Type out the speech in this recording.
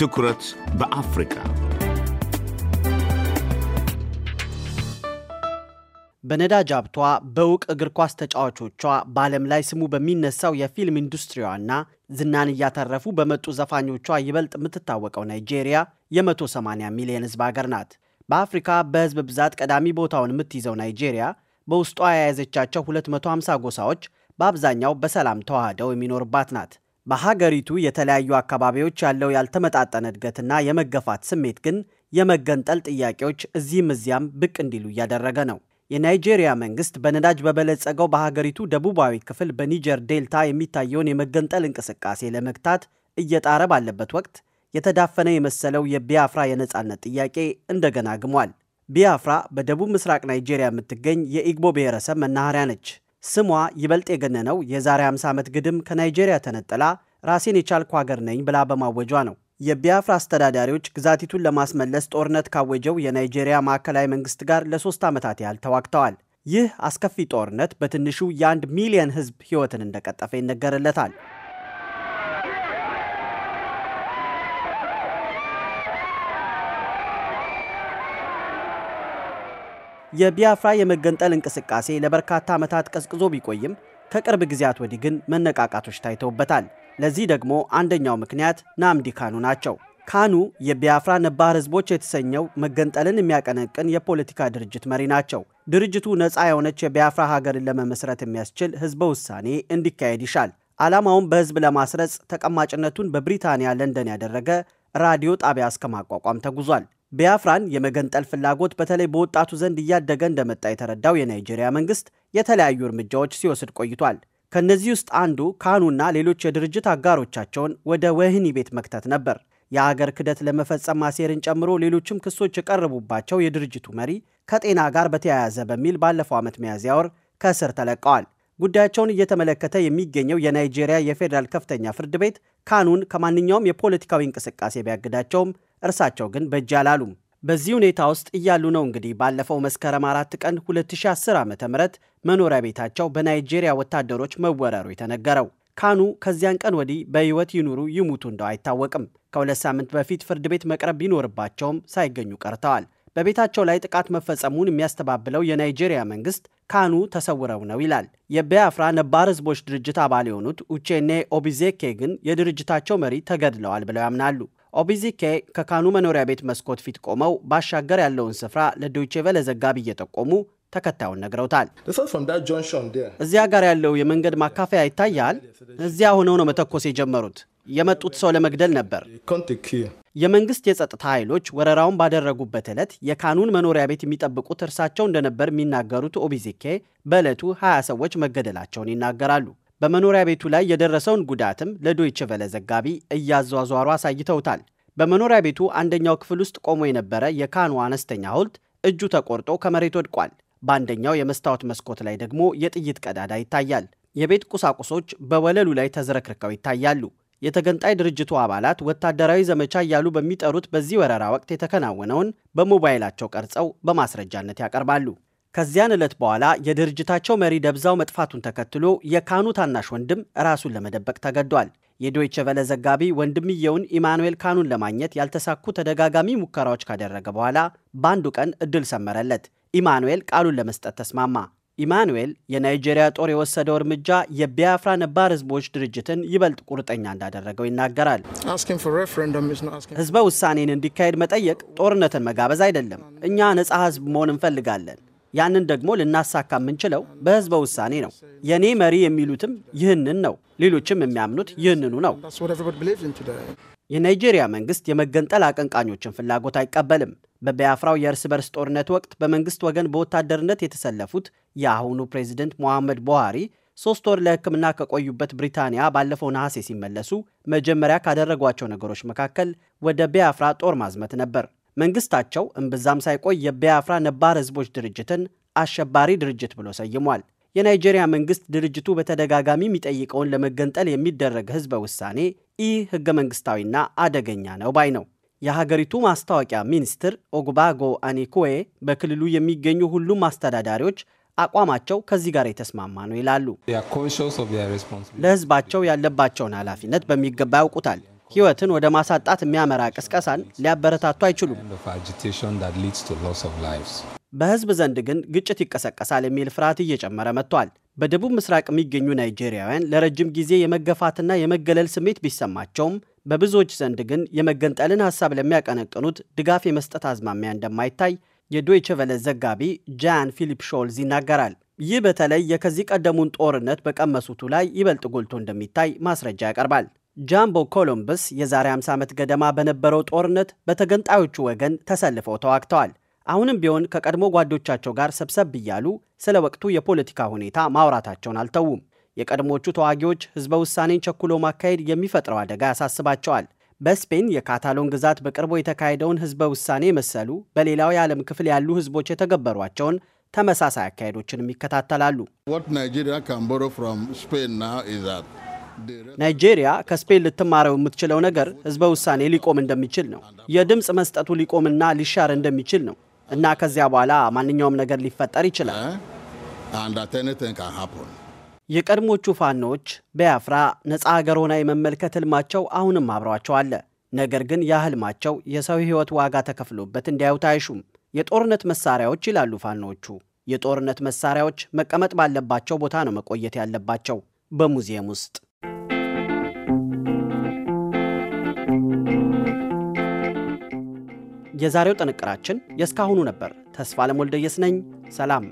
ትኩረት በአፍሪካ በነዳጅ ሀብቷ በውቅ እግር ኳስ ተጫዋቾቿ በዓለም ላይ ስሙ በሚነሳው የፊልም ኢንዱስትሪዋና ዝናን እያተረፉ በመጡ ዘፋኞቿ ይበልጥ የምትታወቀው ናይጄሪያ የ180 ሚሊዮን ሕዝብ ሀገር ናት። በአፍሪካ በሕዝብ ብዛት ቀዳሚ ቦታውን የምትይዘው ናይጄሪያ በውስጧ የያዘቻቸው 250 ጎሳዎች በአብዛኛው በሰላም ተዋህደው የሚኖርባት ናት። በሀገሪቱ የተለያዩ አካባቢዎች ያለው ያልተመጣጠነ እድገትና የመገፋት ስሜት ግን የመገንጠል ጥያቄዎች እዚህም እዚያም ብቅ እንዲሉ እያደረገ ነው። የናይጄሪያ መንግስት በነዳጅ በበለጸገው በሀገሪቱ ደቡባዊ ክፍል በኒጀር ዴልታ የሚታየውን የመገንጠል እንቅስቃሴ ለመግታት እየጣረ ባለበት ወቅት የተዳፈነ የመሰለው የቢያፍራ የነፃነት ጥያቄ እንደገና ግሟል። ቢያፍራ በደቡብ ምስራቅ ናይጄሪያ የምትገኝ የኢግቦ ብሔረሰብ መናኸሪያ ነች። ስሟ ይበልጥ የገነነው የዛሬ 50 ዓመት ግድም ከናይጄሪያ ተነጥላ ራሴን የቻልኩ ሀገር ነኝ ብላ በማወጇ ነው። የቢያፍራ አስተዳዳሪዎች ግዛቲቱን ለማስመለስ ጦርነት ካወጀው የናይጄሪያ ማዕከላዊ መንግስት ጋር ለሶስት ዓመታት ያህል ተዋግተዋል። ይህ አስከፊ ጦርነት በትንሹ የአንድ ሚሊየን ህዝብ ሕይወትን እንደቀጠፈ ይነገርለታል። የቢያፍራ የመገንጠል እንቅስቃሴ ለበርካታ ዓመታት ቀዝቅዞ ቢቆይም ከቅርብ ጊዜያት ወዲህ ግን መነቃቃቶች ታይተውበታል። ለዚህ ደግሞ አንደኛው ምክንያት ናምዲ ካኑ ናቸው። ካኑ የቢያፍራ ነባር ህዝቦች የተሰኘው መገንጠልን የሚያቀነቅን የፖለቲካ ድርጅት መሪ ናቸው። ድርጅቱ ነፃ የሆነች የቢያፍራ ሀገርን ለመመስረት የሚያስችል ህዝበ ውሳኔ እንዲካሄድ ይሻል። ዓላማውን በህዝብ ለማስረጽ ተቀማጭነቱን በብሪታንያ ለንደን ያደረገ ራዲዮ ጣቢያ እስከ ማቋቋም ተጉዟል። ቢያፍራን የመገንጠል ፍላጎት በተለይ በወጣቱ ዘንድ እያደገ እንደመጣ የተረዳው የናይጄሪያ መንግስት የተለያዩ እርምጃዎች ሲወስድ ቆይቷል። ከእነዚህ ውስጥ አንዱ ካኑና ሌሎች የድርጅት አጋሮቻቸውን ወደ ወህኒ ቤት መክተት ነበር። የአገር ክደት ለመፈጸም ማሴርን ጨምሮ ሌሎችም ክሶች የቀረቡባቸው የድርጅቱ መሪ ከጤና ጋር በተያያዘ በሚል ባለፈው ዓመት ሚያዝያ ወር ከእስር ተለቀዋል። ጉዳያቸውን እየተመለከተ የሚገኘው የናይጄሪያ የፌዴራል ከፍተኛ ፍርድ ቤት ካኑን ከማንኛውም የፖለቲካዊ እንቅስቃሴ ቢያግዳቸውም እርሳቸው ግን በእጅ አላሉም። በዚህ ሁኔታ ውስጥ እያሉ ነው እንግዲህ ባለፈው መስከረም አራት ቀን 2010 ዓ ም መኖሪያ ቤታቸው በናይጄሪያ ወታደሮች መወረሩ የተነገረው። ካኑ ከዚያን ቀን ወዲህ በሕይወት ይኑሩ ይሙቱ እንደው አይታወቅም። ከሁለት ሳምንት በፊት ፍርድ ቤት መቅረብ ቢኖርባቸውም ሳይገኙ ቀርተዋል። በቤታቸው ላይ ጥቃት መፈጸሙን የሚያስተባብለው የናይጄሪያ መንግስት ካኑ ተሰውረው ነው ይላል። የቢያፍራ ነባር ህዝቦች ድርጅት አባል የሆኑት ኡቼኔ ኦቢዜኬ ግን የድርጅታቸው መሪ ተገድለዋል ብለው ያምናሉ። ኦቢዚኬ ከካኑ መኖሪያ ቤት መስኮት ፊት ቆመው ባሻገር ያለውን ስፍራ ለዶይቼ ቬለ ዘጋቢ እየጠቆሙ ተከታዩን ነግረውታል። እዚያ ጋር ያለው የመንገድ ማካፈያ ይታያል። እዚያ ሆነው ነው መተኮስ የጀመሩት። የመጡት ሰው ለመግደል ነበር። የመንግስት የጸጥታ ኃይሎች ወረራውን ባደረጉበት ዕለት የካኑን መኖሪያ ቤት የሚጠብቁት እርሳቸው እንደነበር የሚናገሩት ኦቢዚኬ በዕለቱ 20 ሰዎች መገደላቸውን ይናገራሉ። በመኖሪያ ቤቱ ላይ የደረሰውን ጉዳትም ለዶይቸ ቨለ ዘጋቢ እያዟዟሩ አሳይተውታል። በመኖሪያ ቤቱ አንደኛው ክፍል ውስጥ ቆሞ የነበረ የካኑ አነስተኛ ሐውልት እጁ ተቆርጦ ከመሬት ወድቋል። በአንደኛው የመስታወት መስኮት ላይ ደግሞ የጥይት ቀዳዳ ይታያል። የቤት ቁሳቁሶች በወለሉ ላይ ተዝረክርከው ይታያሉ። የተገንጣይ ድርጅቱ አባላት ወታደራዊ ዘመቻ እያሉ በሚጠሩት በዚህ ወረራ ወቅት የተከናወነውን በሞባይላቸው ቀርጸው በማስረጃነት ያቀርባሉ። ከዚያን ዕለት በኋላ የድርጅታቸው መሪ ደብዛው መጥፋቱን ተከትሎ የካኑ ታናሽ ወንድም ራሱን ለመደበቅ ተገዷል። የዶይቸ ቨለ ዘጋቢ ወንድምየውን ኢማኑኤል ካኑን ለማግኘት ያልተሳኩ ተደጋጋሚ ሙከራዎች ካደረገ በኋላ በአንዱ ቀን እድል ሰመረለት። ኢማኑኤል ቃሉን ለመስጠት ተስማማ። ኢማኑኤል የናይጄሪያ ጦር የወሰደው እርምጃ የቢያፍራ ነባር ህዝቦች ድርጅትን ይበልጥ ቁርጠኛ እንዳደረገው ይናገራል። ህዝበ ውሳኔን እንዲካሄድ መጠየቅ ጦርነትን መጋበዝ አይደለም። እኛ ነፃ ህዝብ መሆን እንፈልጋለን። ያንን ደግሞ ልናሳካ የምንችለው በህዝበ ውሳኔ ነው። የእኔ መሪ የሚሉትም ይህንን ነው። ሌሎችም የሚያምኑት ይህንኑ ነው። የናይጄሪያ መንግስት የመገንጠል አቀንቃኞችን ፍላጎት አይቀበልም። በቢያፍራው የእርስ በርስ ጦርነት ወቅት በመንግስት ወገን በወታደርነት የተሰለፉት የአሁኑ ፕሬዚደንት ሞሐመድ ቡሃሪ ሶስት ወር ለሕክምና ከቆዩበት ብሪታንያ ባለፈው ነሐሴ ሲመለሱ መጀመሪያ ካደረጓቸው ነገሮች መካከል ወደ ቢያፍራ ጦር ማዝመት ነበር። መንግስታቸው እምብዛም ሳይቆይ የቢያፍራ ነባር ህዝቦች ድርጅትን አሸባሪ ድርጅት ብሎ ሰይሟል። የናይጄሪያ መንግስት ድርጅቱ በተደጋጋሚ የሚጠይቀውን ለመገንጠል የሚደረግ ህዝበ ውሳኔ ኢ ህገ መንግስታዊና አደገኛ ነው ባይ ነው። የሀገሪቱ ማስታወቂያ ሚኒስትር ኦግባጎ አኒኮዌ በክልሉ የሚገኙ ሁሉም አስተዳዳሪዎች አቋማቸው ከዚህ ጋር የተስማማ ነው ይላሉ። ለሕዝባቸው ያለባቸውን ኃላፊነት በሚገባ ያውቁታል። ሕይወትን ወደ ማሳጣት የሚያመራ ቅስቀሳን ሊያበረታቱ አይችሉም። በህዝብ ዘንድ ግን ግጭት ይቀሰቀሳል የሚል ፍርሃት እየጨመረ መጥቷል። በደቡብ ምስራቅ የሚገኙ ናይጄሪያውያን ለረጅም ጊዜ የመገፋትና የመገለል ስሜት ቢሰማቸውም በብዙዎች ዘንድ ግን የመገንጠልን ሀሳብ ለሚያቀነቅኑት ድጋፍ የመስጠት አዝማሚያ እንደማይታይ የዶይቸ ቨለ ዘጋቢ ጃን ፊሊፕ ሾልዝ ይናገራል። ይህ በተለይ የከዚህ ቀደሙን ጦርነት በቀመሱቱ ላይ ይበልጥ ጎልቶ እንደሚታይ ማስረጃ ያቀርባል። ጃምቦ ኮሎምበስ የዛሬ 50 ዓመት ገደማ በነበረው ጦርነት በተገንጣዮቹ ወገን ተሰልፈው ተዋግተዋል። አሁንም ቢሆን ከቀድሞ ጓዶቻቸው ጋር ሰብሰብ እያሉ ስለ ወቅቱ የፖለቲካ ሁኔታ ማውራታቸውን አልተዉም። የቀድሞቹ ተዋጊዎች ሕዝበ ውሳኔን ቸኩሎ ማካሄድ የሚፈጥረው አደጋ ያሳስባቸዋል። በስፔን የካታሎን ግዛት በቅርቡ የተካሄደውን ሕዝበ ውሳኔ መሰሉ በሌላው የዓለም ክፍል ያሉ ሕዝቦች የተገበሯቸውን ተመሳሳይ አካሄዶችንም ይከታተላሉ። ናይጄሪያ ከስፔን ልትማረው የምትችለው ነገር ህዝበ ውሳኔ ሊቆም እንደሚችል ነው። የድምፅ መስጠቱ ሊቆምና ሊሻር እንደሚችል ነው እና ከዚያ በኋላ ማንኛውም ነገር ሊፈጠር ይችላል። የቀድሞቹ ፋኖዎች በያፍራ ነፃ ሀገር ሆና የመመልከት ህልማቸው አሁንም አብሯቸው አለ። ነገር ግን ያ ህልማቸው የሰው ህይወት ዋጋ ተከፍሎበት እንዲያዩት አይሹም። የጦርነት መሳሪያዎች ይላሉ ፋኖዎቹ። የጦርነት መሳሪያዎች መቀመጥ ባለባቸው ቦታ ነው መቆየት ያለባቸው፣ በሙዚየም ውስጥ የዛሬው ጥንቅራችን የእስካሁኑ ነበር። ተስፋ ለሞልደየስ ነኝ። ሰላም